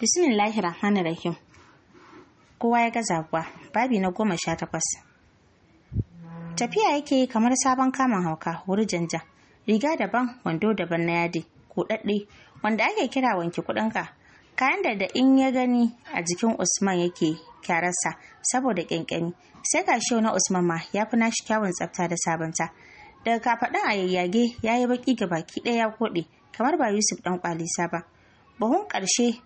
bismillahi rahmanir rahim kowa ya gaza kuwa babi na goma sha takwas tafiya yake yi kamar sabon kamun hauka wuri janja riga daban wando daban na yadi kuɗaɗɗe wanda ake kira wanke kudinka? kayan da da in ya gani a jikin usman yake kyararsa saboda ƙyanƙyami sai ga na usman ma ya fi nashi kyawun tsafta da sabonta. daga kafaɗin a yayyage ya yi baƙi ga baki ɗaya ya koɗe kamar ba yusuf ɗan ƙwalisa ba buhun ƙarshe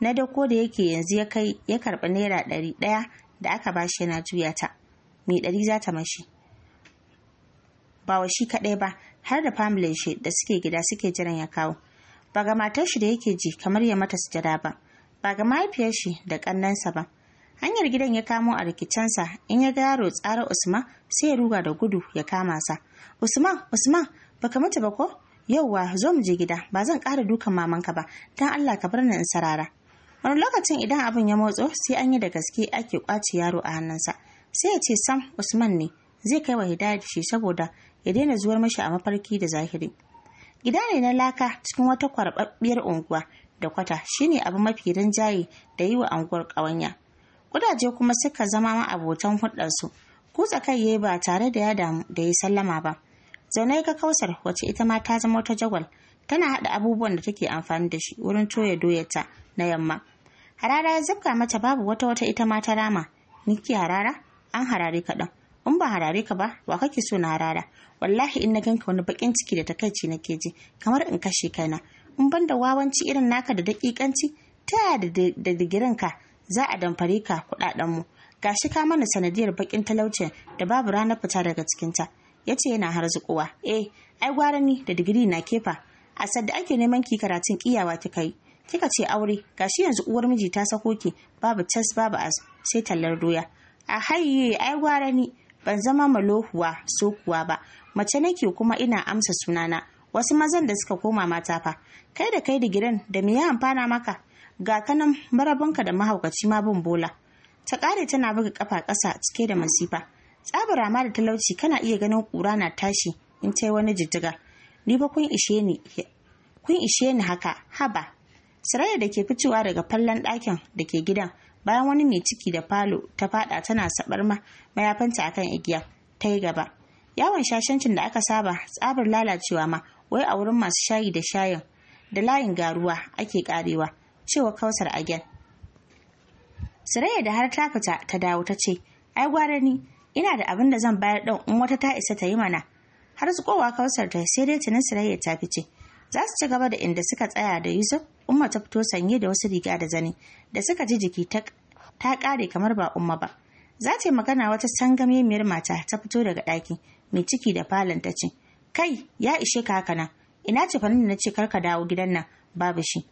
na dako da yake yanzu ya kai ya karɓi naira ɗari ɗaya da aka ba shi yana juya ta mai ɗari za ta mashi ba wa shi kaɗai ba har da familin shi da suke gida suke jiran ya kawo ba ga matar shi da yake ji kamar ya mata sujada ba ba ga mahaifiyar shi da ƙannansa ba hanyar gidan ya kamo a rikicinsa in ya ga yaro tsara usman sai ya ruga da gudu ya kama sa usman usman baka mutu ba ko yauwa zo mu je gida ba zan ƙara dukan mamanka ba don allah ka bar ni in sarara wani lokacin idan abin ya motso sai an yi da gaske ake kwace yaro a hannunsa sai ya ce sam usman ne zai kai wa da shi saboda ya daina zuwar mashi a mafarki da zahiri gida ne na laka cikin wata kwarbabbiyar unguwa da kwata shine abu mafi rinjaye da yi wa anguwar ƙawanya kudaje kuma suka zama ma abotan hulɗarsu kutsa kai yayi ba tare da ya damu da ya sallama ba zaune ka kausar wacce ita ma ta zama wata jagwal tana haɗa abubuwan da take amfani da shi wurin toya doyarta na yamma harara ya zabka mata babu wata wata ita ma ta rama niki harara an harare ka ɗan. in ba harare ka ba wa kake so na harara wallahi in na ganka wani baƙin ciki da takaici nake ji kamar in kashe kaina in ban da wawanci irin naka da daƙiƙanci, ta da digirin ka za a damfare ka kuɗaɗen mu gashi ka mana sanadiyar baƙin talaucin da babu ranar fita daga cikinta ce yana har zuƙuwa. eh ai gwara ni da digiri na kefa a sadda ake neman ki karatun kiyawa kika yi kika ce aure gashi yanzu uwar miji ta sako ki babu tas babu as sai tallar doya a haye ai gwara ni ban zama malohuwa sokuwa ba mace nake kuma ina amsa sunana wasu mazan da suka koma mata fa kai da kai da gidan, da me ya amfana maka ga kanan marabinka da mahaukaci ma bin bola ta kare tana buga kafa ƙasa cike da masifa tsabara ma da talauci kana iya ganin ƙura na tashi in ta yi wani jijjiga ni ba kun ishe ni kun ishe ni haka haba Saraya da ke fitowa daga fallon ɗakin da ke gidan bayan wani mai ciki da falo ta faɗa tana sabar ma mayafanta akan igiya ta yi gaba. Yawon shashancin da aka saba tsabar lalacewa ma wai a wurin masu shayi da shayin da layin garuwa ake karewa cewa kausar agen. Saraya da har ta fita ta dawo ta ce, "Ai gwara ni, ina da abin da zan bayar ɗan in wata ta isa ta yi mana." Har tsukowa kausar ta sai dai tunan Saraya ta fice. za su ci gaba da inda suka tsaya da yusuf umma ta fito sanye da wasu riga da zani da suka ji jiki ta kare kamar ba umma ba za ta yi magana wata sangamemiyar mata ta fito daga ɗaki mai ciki da falon ta ce kai ya ishe ka haka ina ce fannin na ce karka dawo gidan nan babu shi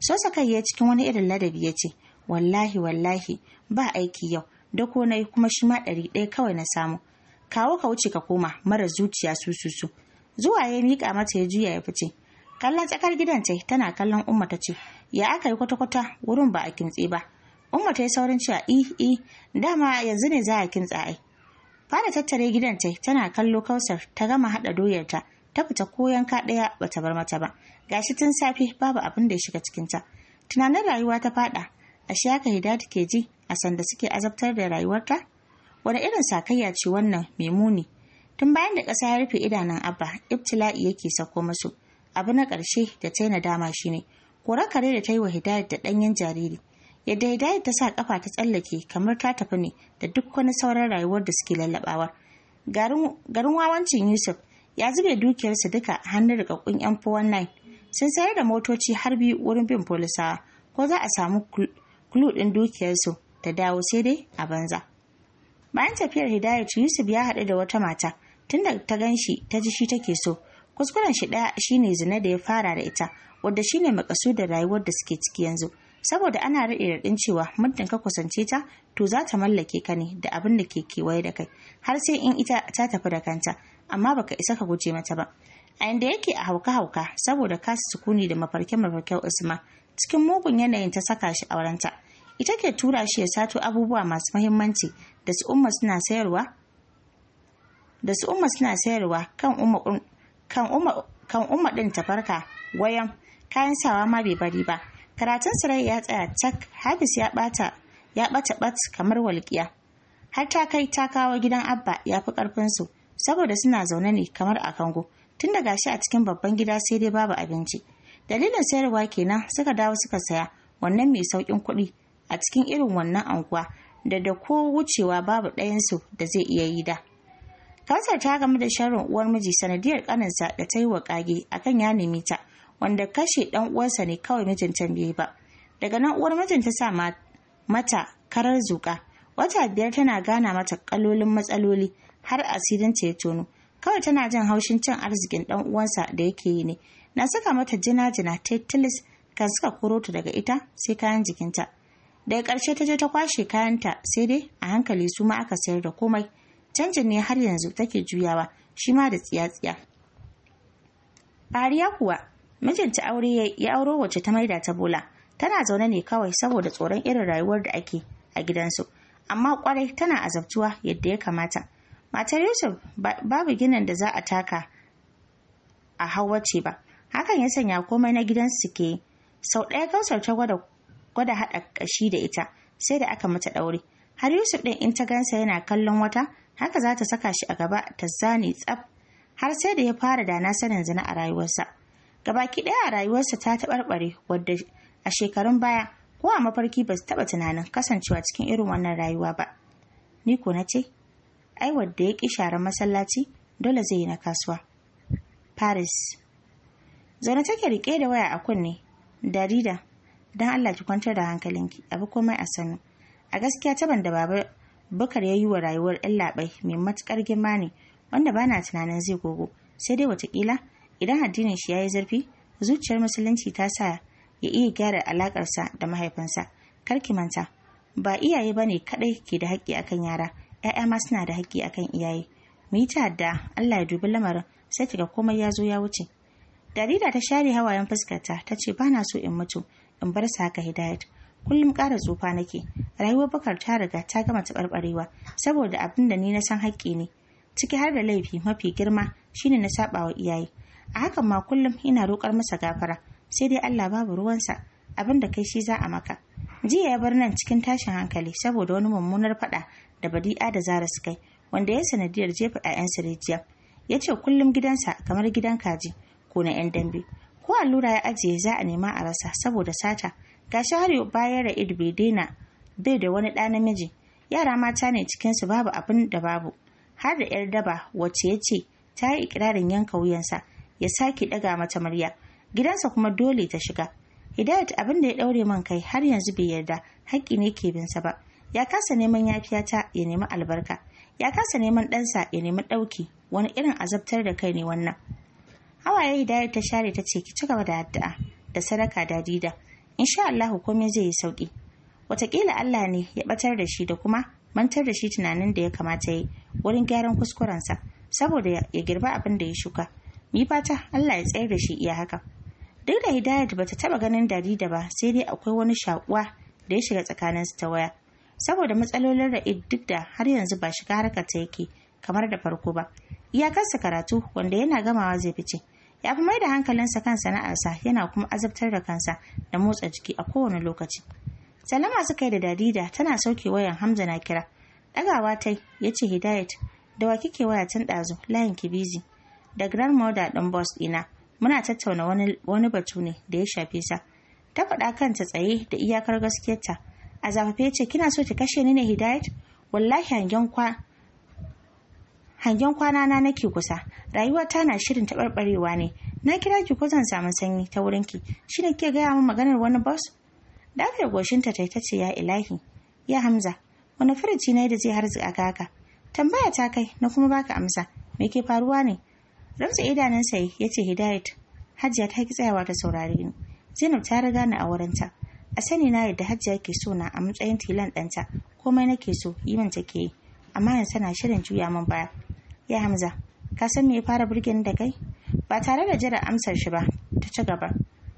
sosa kai ya cikin wani irin ladabi ya ce wallahi wallahi ba aiki yau da ko na yi kuma shi ma ɗari ɗaya kawai na samu kawo ka wuce ka koma mara zuciya su su su zuwa ya miƙa mata ya juya ya fice kallon tsakar gidan ce tana kallon umma ta ce ya aka yi kwata-kwata wurin ba a kintse ba umma ta yi saurin cewa i i dama yanzu ne za a kintsa ai fara tattare gidan ta tana kallo kausar ta gama hada doyar ta ta fita ko yanka ɗaya bata bar mata ba gashi tun safe babu abin da ya shiga cikin ta tunanin rayuwa ta faɗa ashe haka ta ke ji a sanda suke azabtar da rayuwarta wani irin sakayya ce wannan mai muni tun bayan da ƙasa ya rufe idanun abba ibtila'i yake sako masu abu na ƙarshe da ta yi nadama shine kora kare da ta yi wa hidayat da ɗanyen jariri yadda hidayat ta sa ƙafa ta tsallake kamar ta tafi ne da duk wani sauran rayuwar da suke lallabawa. garin wawancin yusuf ya zube dukiyarsa duka hannun rikakkun yan 419 sun sayar da motoci har biyu wurin bin polisawa ko za a samu kulu ɗin dukiyarsu ta dawo sai dai a banza bayan tafiyar hidayat yusuf ya haɗu da wata mata tun da ta gan shi ta ji shi take so kuskuren shi ɗaya shine zina da ya fara da ita wadda shine makasudin rayuwar da suke ciki yanzu saboda ana raɗe raɗin cewa muddin ka kusance ta to za ta mallake ka ne da abin da ke kewaye da kai har sai in ita ta tafi da kanta amma baka isa ka guje mata ba a inda yake a hauka-hauka saboda kasa sukuni da mafarke-mafarken usma cikin mugun yanayin ta saka shi aurenta ita ke tura shi ya sato abubuwa masu muhimmanci, da su umma suna sayarwa da su umma suna sayarwa kan umma kan umma ɗin ta farka wayan kayan sawa ma bai bari ba karatun sarai ya tsaya cak habis ya ɓata ya ɓata ɓat kamar walƙiya har ta kai ta kawo gidan abba ya fi ƙarfinsu saboda suna zaune ne kamar a kango tun da gashi a cikin babban gida sai dai babu abinci dalilin sayarwa kenan suka dawo suka saya wannan mai sauƙin kuɗi a cikin irin wannan anguwa da da ko wucewa babu ɗayansu da zai iya yi da Kansar ta game da sharon uwar miji sanadiyar kaninsa da ta yi wa kage akan ya nemi ta wanda kashe dan uwansa ne kawai mijinta ta bai ba. Daga nan uwar mijinta ta sa mata karar zuƙa. Wata biyar tana gana mata kalolin matsaloli har asirin ta ya tono. Kawai tana jin haushin cin arzikin dan uwansa da yake yi ne. Na saka mata jina-jina tetilis kan suka koro ta daga ita sai kayan jikinta. Daga ƙarshe ta je ta kwashe kayanta sai dai a hankali su ma aka sayar da komai. canjin ne har yanzu take juyawa shi ma da tsiya-tsiya Fariya kuwa mijinta aure ya auro wacce ta maida ta bola tana zaune ne kawai saboda tsoron irin rayuwar da ake a gidansu amma kwarai tana azabtuwa yadda ya kamata matar yusuf babu ginin da za a taka a ce ba hakan ya sanya komai na gidansu su ke sau ɗaya kausar ta gwada haɗa ƙashi da ita sai da aka mata ɗaure har yusuf ɗin in ta gansa yana kallon wata haka za ta saka shi a gaba ta zane tsaf har sai da ya fara dana sanin zina a rayuwarsa gabaki ɗaya a rayuwarsa ta taɓarɓare wadda a shekarun baya ko a mafarki ba su taɓa tunanin kasancewa cikin irin wannan rayuwa ba ni ko na ce ai wadda ya ƙi sharar masallaci dole zai yi na kasuwa paris zaune take riƙe da waya a kunne darida don allah ki kwantar da hankalinki abu komai a sanu a gaskiya taban da baba bukar ya yi wa rayuwar yan labai mai matukar girma ne wanda bana tunanin zai gogo sai dai watakila idan addinin shi ya yi zurfi zuciyar musulunci ta sa ya iya gyara alakarsa da mahaifinsa kar ki manta ba iyaye bane kadai ke da haƙƙi akan yara ƴaƴa ma suna da haƙƙi akan iyaye mu yi ta'adda Allah ya dubi lamarin sai kiga komai ya zo ya wuce darida ta share hawayen fuskarta ta ce bana so in mutu in bar sa haka hidayat kullum ƙara tsufa nake rayuwar bakar ta riga ta gama taɓarɓarewa saboda abin da ni na san haƙƙi ne ciki har da laifi mafi girma shine na saɓa wa iyaye a hakan ma kullum ina roƙar masa gafara sai dai Allah babu ruwansa abin da kai shi za a maka jiya ya bar nan cikin tashin hankali saboda wani mummunar faɗa da badi'a da zara su kai wanda ya sanadiyar jefa sa rijiya ya ce kullum gidansa kamar gidan kaji ko na 'yan dambe ko allura ya ajiye za a nema a rasa saboda sata gashi har yau bayan ra'id bai daina bai da wani ɗa namiji yara mata ne cikinsu babu abin da babu har da yar daba wacce ya ce ta yi ikirarin yanka wuyansa ya sake ɗaga mata murya gidansa kuma dole ta shiga hidayat abin da ya ɗaure man kai har yanzu bai yarda haƙƙi ne ke binsa ba ya kasa neman yafiya ta ya nemi albarka ya kasa neman ɗansa ya nemi ɗauki wani irin azabtar da kai ne wannan hawaye hidayat ta share ta ce ki ci gaba da addu'a da sadaka da dida insha Allah komai zai yi sauki wataƙila Allah ne ya batar da shi da kuma mantar da shi tunanin da ya kamata yi wurin gyaran kuskurensa saboda ya girba abin da ya shuka Ni fata Allah ya tsayar da shi iya haka duk da hidayat bata taɓa ganin dadi da ba sai dai akwai wani shakuwa da ya shiga tsakanin su ta waya saboda matsalolin da duk da har yanzu ba shiga harkar ta yake kamar da farko ba iyakarsa karatu wanda yana gamawa zai fice ya fi mai da hankalinsa kan sana'arsa yana kuma azabtar da kansa da motsa jiki a kowane lokaci salama suka yi da dadida tana sauke wayan hamza na kira Dagawa ta ya ce hidayat da wa kike waya tun ɗazu layin ki bizi da grandmother ɗin boss ɗina muna tattauna wani batu ne da ya shafe sa ta faɗa kanta tsaye da iyakar gaskiyarta a zafafe ce kina so ki kashe ni ne hidayat wallahi hangen kwana na nake kusa rayuwata na shirin taɓarɓarewa ne na kira ki ko zan samu sanyi ta wurin ki Shi ne kike gaya min maganar wani boss dafiyar goshinta ta ce ya ilahi ya hamza wani firici na da zai harzika aka? tambaya ta kai na kuma baka amsa me ke faruwa ne ramsa idanunsa ya ce hidayat hajiya ta ki tsayawa ta saurare ni zainab ta riga ni a wurinta a sani na yadda hajiya ke so na a matsayin tilan ɗanta komai nake so yi min ke yi amma yanzu tana shirin juya min baya ya hamza ka san me ya fara burgen da kai ba tare da jira amsar shi ba ta ci gaba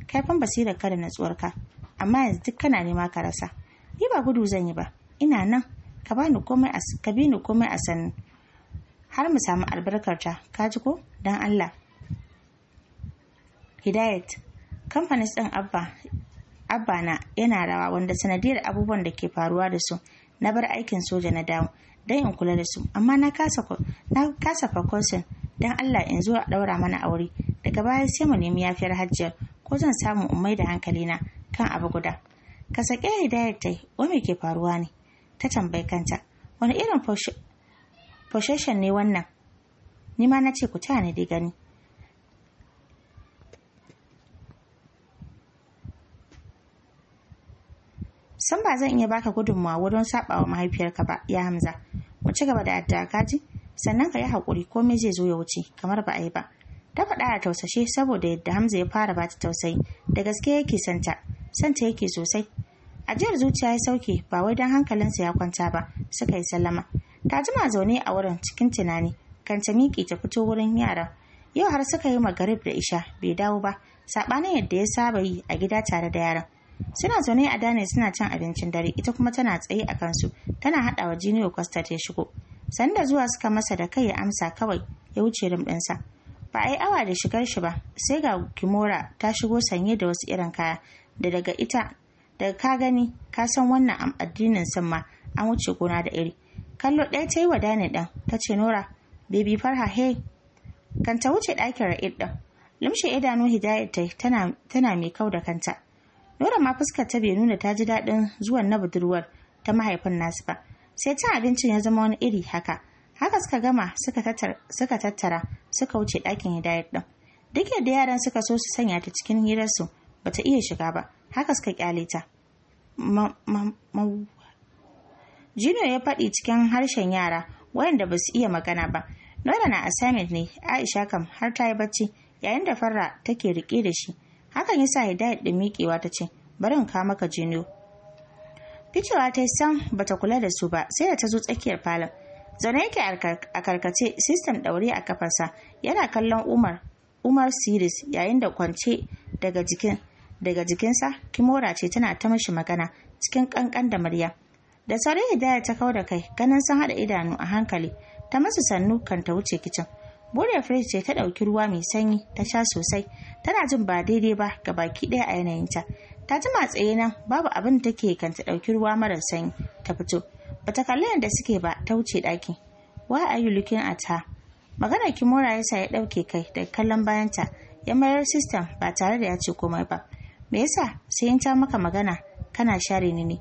kaifin basirar ka da ka, amma yanzu duk kana nema ka rasa ni ba gudu zan yi ba ina nan ka ba ni komai ka bi ni komai a sannu har mu samu ta, ka ji ko dan Allah Hidayat kamfanin ɗin Abba Abba na yana rawa wanda sanadiyar abubuwan da ke faruwa da su na bar aikin soja na dawo don in kula da su amma na kasa na fakosin don Allah in zo a ɗaura mana aure daga baya sai mu nemi yafiyar hajjiyar ko zan samu umai da hankali na kan abu guda ka sake hidayar ta wa me ke faruwa ne ta tambayi kanta wani irin possession ne wannan ni ma na ce ku ta ni gani san ba zan iya baka gudunmawa wurin sabawa mahaifiyarka ba ya hamza ku ci gaba da addu'a kaji sannan ka yi haƙuri komai zai zo ya wuce kamar ba a yi ba ta faɗa a tausashe saboda yadda hamza ya fara bata tausayi da gaske yake santa santa yake sosai ajiyar zuciya ya sauke ba wai don hankalinsa ya kwanta ba suka yi sallama ta jima zaune a wurin cikin tunani Kanta ta miƙe ta fito wurin yaran yau har suka yi magarib da isha bai dawo ba saɓanin yadda ya saba yi a gida tare da yaran suna zaune a dane suna cin abincin dare ita kuma tana tsaye a kansu tana haɗa wa jiniyo kwasta ta shigo sanda zuwa suka masa da kai ya amsa kawai ya wuce rumɗinsa ba a yi awa da shigar shi ba sai ga kimora ta shigo sanye da wasu irin kaya da daga ita daga ka gani ka san wannan addinin san ma an wuce gona da iri kallo ɗaya ta yi wa dani ɗan ta ce nora bebi farha he kanta wuce ɗakin ra'id ɗan limshe idanu hidayat tana mai kau da kanta Nura ma fuskar ta bai nuna ta ji daɗin zuwan na budurwar ta mahaifin nasu ba. Sai cin abincin ya zama wani iri haka. Haka suka gama suka tattara suka wuce ɗakin hidayar ɗin. Duk yadda yaran suka so su sanya ta cikin hirarsu ba ta iya shiga ba. Haka suka kyale ta. Junior ya faɗi cikin harshen yara wayanda ba su iya magana ba. Nora na assignment ne Aisha kam har ta yi bacci yayin da Farra take riƙe da shi. hakan ya sa hidayat da miƙewa ta ce bari in kawo maka jiniyo ficewa ta san bata kula da su ba sai da ta zo tsakiyar falon zaune yake a karkace sistan ɗaure a kafarsa yana kallon umar umar siris yayin da kwance daga jikin daga jikinsa kimora ce tana ta mashi magana cikin kankan da murya da sauri hidayar ta kau da kai ganin sun haɗa idanu a hankali ta masu sannu kan ta wuce kicin Boriyar firij ce ta ɗauki ruwa mai sanyi ta sha sosai, tana jin ba daidai ba ga baki ɗaya a yanayin Ta Ta ma tsaye nan babu abin da take kan ta ɗauki ruwa mara sanyi ta fito. Bata kalli yadda suke ba ta wuce ɗaki. Why are you looking at her? Maganar Kimura ya sa ya ɗauke kai daga kallon bayanta ya mayar sistem ba tare da ya ce komai ba. Me yasa sai in ta maka magana kana share ni ne?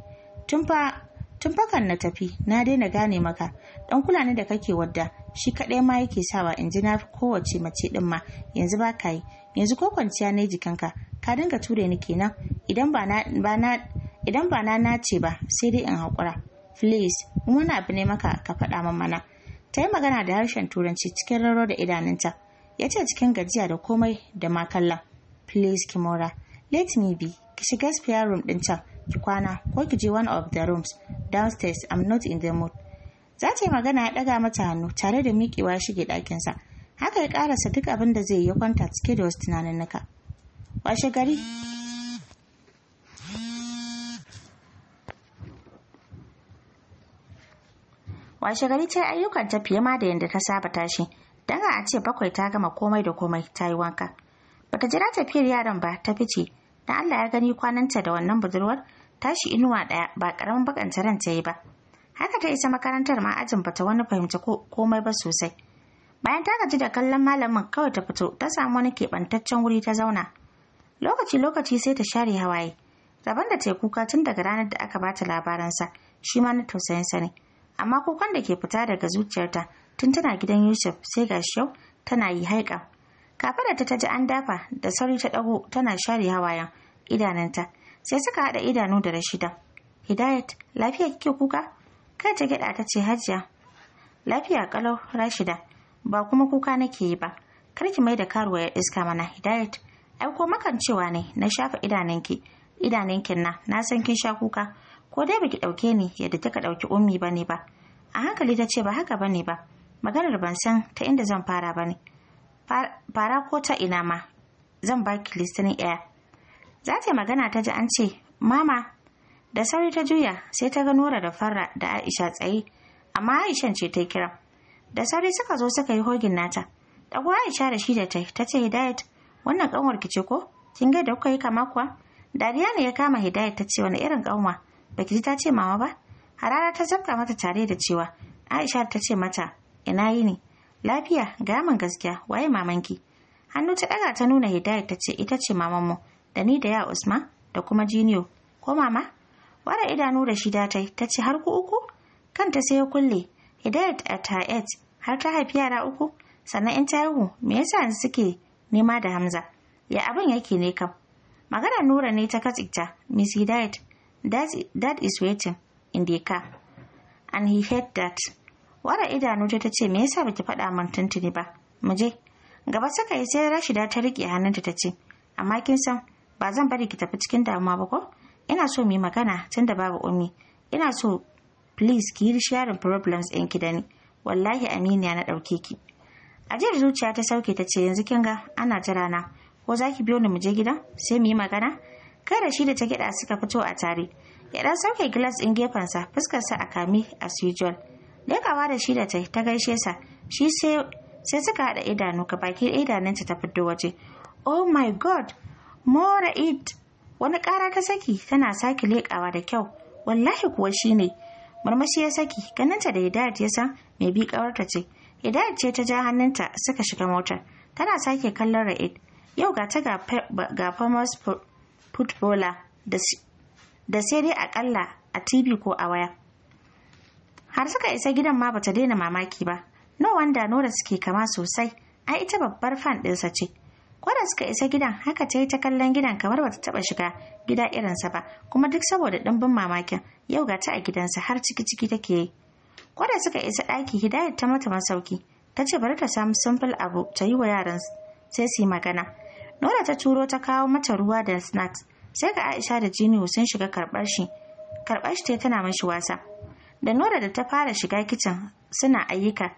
Tun fa kan na tafi na daina gane maka dan kula ne da kake wadda shi kaɗai ma yake sawa in ji na kowace mace ɗin ma yanzu ba ka yi yanzu ko kwanciya na jikinka ka dinga ture ni kenan idan ba na nace ba sai dai in haƙura please wani abu ne maka ka faɗa min mana ta yi magana da harshen turanci cikin raro da idanunta ya ce cikin gajiya da komai da makalla please kimora let me be ki shiga spare room ɗin can ki kwana ko ki je one of the rooms downstairs i'm not in the mood Za ta yi magana ya ɗaga mata hannu tare da miƙewa ya shige ɗakinsa. Haka ya ƙarasa duk abin da zai yi ya kwanta cike da wasu tunanin Washe gari, washe gari ta ayyukan ta fiye ma da yadda ta saba tashi dan a ce bakwai ta gama komai da komai ta yi wanka bata jira tafiyar yaron ba ta fice da Allah ya gani kwananta da wannan budurwar tashi inuwa ɗaya ba karamin bakanta ran ta yi ba haka ta isa makarantar ma ajin bata wani fahimta komai ba sosai bayan ta gaji da kallon malamin kawai ta fito ta samu wani keɓantaccen wuri ta zauna lokaci lokaci sai ta share hawaye rabon da ta kuka tun daga ranar da aka bata labaransa shi ma na tausayin sani ne amma kukan da ke fita daga zuciyarta tun tana gidan yusuf sai ga yau tana yi haika kafa da ta ji an dafa da sauri ta ɗago tana share hawayen idanunta sai suka haɗa idanu da rashida hidayat lafiya kike kuka kai ta gyaɗa ta ce hajiya lafiya kalau rashida ba kuma kuka nake yi ba kar ki mai da karuwa ya iska mana hidayat ai ko makan cewa ne na shafa idanunki idanankin na na san kin sha kuka ko dai baki dauke ni yadda kika dauki ummi bane ba a hankali ta ce ba haka bane ba maganar ban san ta inda zan fara bane fara ko ta ina ma zan baki listening ɗaya. za ta magana ta ji an ce mama da sauri ta juya sai ta ga nora da farra da aisha tsaye amma aishan ce ta kira da sauri suka zo suka yi hogin nata ɗago aisha da shi da ta ta ce hidayat wannan ƙanwar ki ce ko kin ga da kuka yi kama kuwa dariya ne ya kama hidayat ta ce wani irin ƙanwa baki ji ta ce mama ba harara ta zabka mata tare da cewa aisha ta ce mata ina yi ne lafiya yaman gaskiya waye mamanki hannu ta ɗaga ta nuna hidayat ta ce ita ce mamanmu da ni da ya Usman, da kuma jiniyo ko mama ware idanu da shida ta ta ce har ku uku kanta sai ya kulle hidayat a ta'et har ta haifi yara uku sannan in ta yi me yasa suke nema da hamza ya abin yake ne kam magana nura ne ta katsikta miss hidayat that is waiting in the car and he heard that wara idanu ta ta ce me yasa baki faɗa min tuntuni ba mu je gaba saka yi sai rashida ta riƙe hannunta ta ce amma kin san ba zan bari ki tafi cikin damuwa ba ko ina so mu yi magana tun da babu ummi ina so please ki yi sharing problems ɗin ki da ni wallahi aminiya na ɗauke ki a jiya zuciya ta sauke ta ce yanzu kin ga ana ta rana ko za ki biyo ni mu je gida sai mu yi magana kai da shi da ta gida suka fito a tare ya dan sauke glass ɗin gefensa sa a kame as usual lekawa da shi da ta ta gaishe sa shi sai sai suka haɗa idanu ka baki idanunta ta fito waje oh my god more it wani ƙara ta saki tana sake leƙawa da kyau wallahi kuwa shine marmashi ya saki ganinta da hidayat ya san mai bi ƙawarta ce hidayat ce ta ja hannunta suka shiga motar tana sake kallon ra'id yau ga ta ga famous footballer da sai dai akalla a tv ko a waya har suka isa gidan ma bata daina mamaki ba no wanda nora suke kama sosai ai ita babbar fan ɗinsa ce kwada suka isa gidan haka ta yi ta kallon gidan kamar bata taba shiga gida irinsa ba kuma duk saboda ɗimbin mamakin yau ga ta a gidansa har ciki ciki take yi kwada suka isa ɗaki hidayat ta mata masauki ta ce bari ta samu simple abu ta yi wa yaran sai su yi magana Nora ta turo ta kawo mata ruwa da snacks sai ga Aisha da Jimiyu sun shiga karɓar shi karɓar shi tana mashi wasa da Nora da ta fara shiga kicin suna ayyuka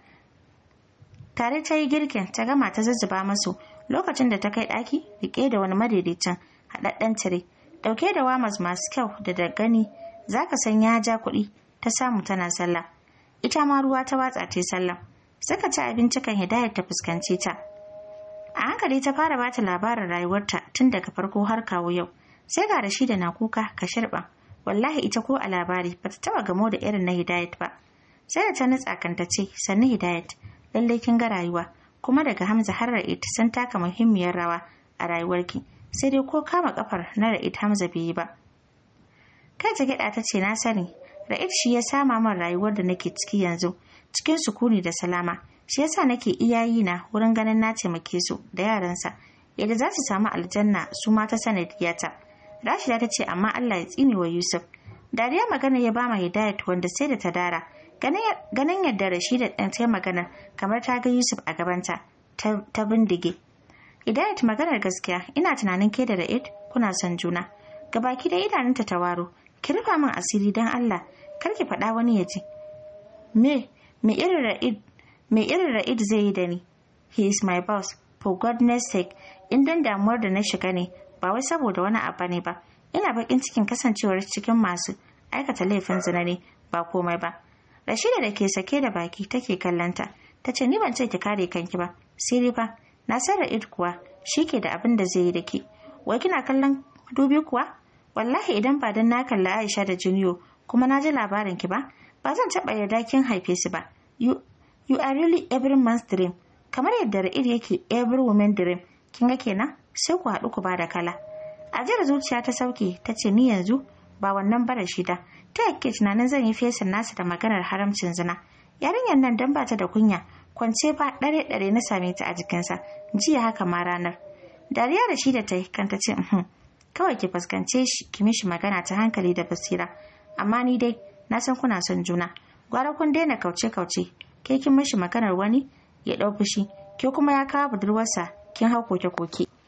tare ta yi girkin ta gama ta zazzuba masu lokacin da ta kai ɗaki riƙe da wani madaidaicin haɗaɗɗen tire ɗauke da wamas masu kyau da da gani za ka san ya ja kuɗi ta samu tana sallah ita ma ruwa ta watsa ta sallah suka ci abinci kan hidayar ta fuskance ta a hankali ta fara ba ta labarin rayuwarta tun daga farko har kawo yau sai ga rashi da na kuka ka shirɓa wallahi ita ko a labari ba ta taɓa gamo da irin na hidayat ba sai da ta nutsa kan ta ce sannu hidayat lallai kin ga rayuwa kuma daga Hamza har Ra'id sun taka muhimmiyar rawa a rayuwarki sai dai ko kama kafar na Ra'id Hamza bai yi ba kai ta gida ta ce na sani Ra'id shi ya sama min rayuwar da nake ciki yanzu cikin sukuni da salama shi yasa nake iyayi na wurin ganin na taimake su da yaransa yadda za su samu aljanna su ma ta sanadiyata Rashida ta ce amma Allah ya tsini wa Yusuf dariya magana ya ba ma Hidayat wanda sai da ta dara ganin yadda rashida ɗan ta magana kamar ta ga yusuf a gabanta ta bindige hidayat maganar gaskiya ina tunanin ke da ra'id kuna son juna gabaki da idanunta ta waro ki rufa min asiri don allah kar ki faɗa wani ya ji me me irin ra'id me zai yi da ni he is my boss for godness sake in dan damuwar da na shiga ne ba wai saboda wani abu ne ba ina bakin cikin kasancewar cikin masu aikata laifin zina ba komai ba Rashida da ke sake da baki take kallanta. Ta ce ni ban ce ki kare kanki ba. Siri ba. Na san Ra'id kuwa shi ke da abin da zai yi da ke. Wai kina kallon dubi kuwa? Wallahi idan ba dan na kalli Aisha da Junior kuma na ji labarin ki ba, ba zan taɓa yarda kin haife su ba. You, you are really every man's dream. Kamar yadda Ra'id yake every woman dream. Kin ga kenan? Sai ku haɗu ku ba da kala. Ajiyar zuciya ta sauke ta ce ni yanzu ba wannan bara shida ta yake tunanin zan yi fesin nasa da maganar haramcin zina yarinyar nan dan bata da kunya kwance ba dare dare na same ta a jikinsa jiya haka ma ranar dariya da shi da ta yi kanta ce uhm, kawai ki fuskance shi ki mishi magana ta hankali da basira amma ni dai na san kuna son juna gwara kun daina kauce kauce kai kin mishi maganar wani ya ɗau fushi ke kuma ya kawo budurwarsa kin hau koke koke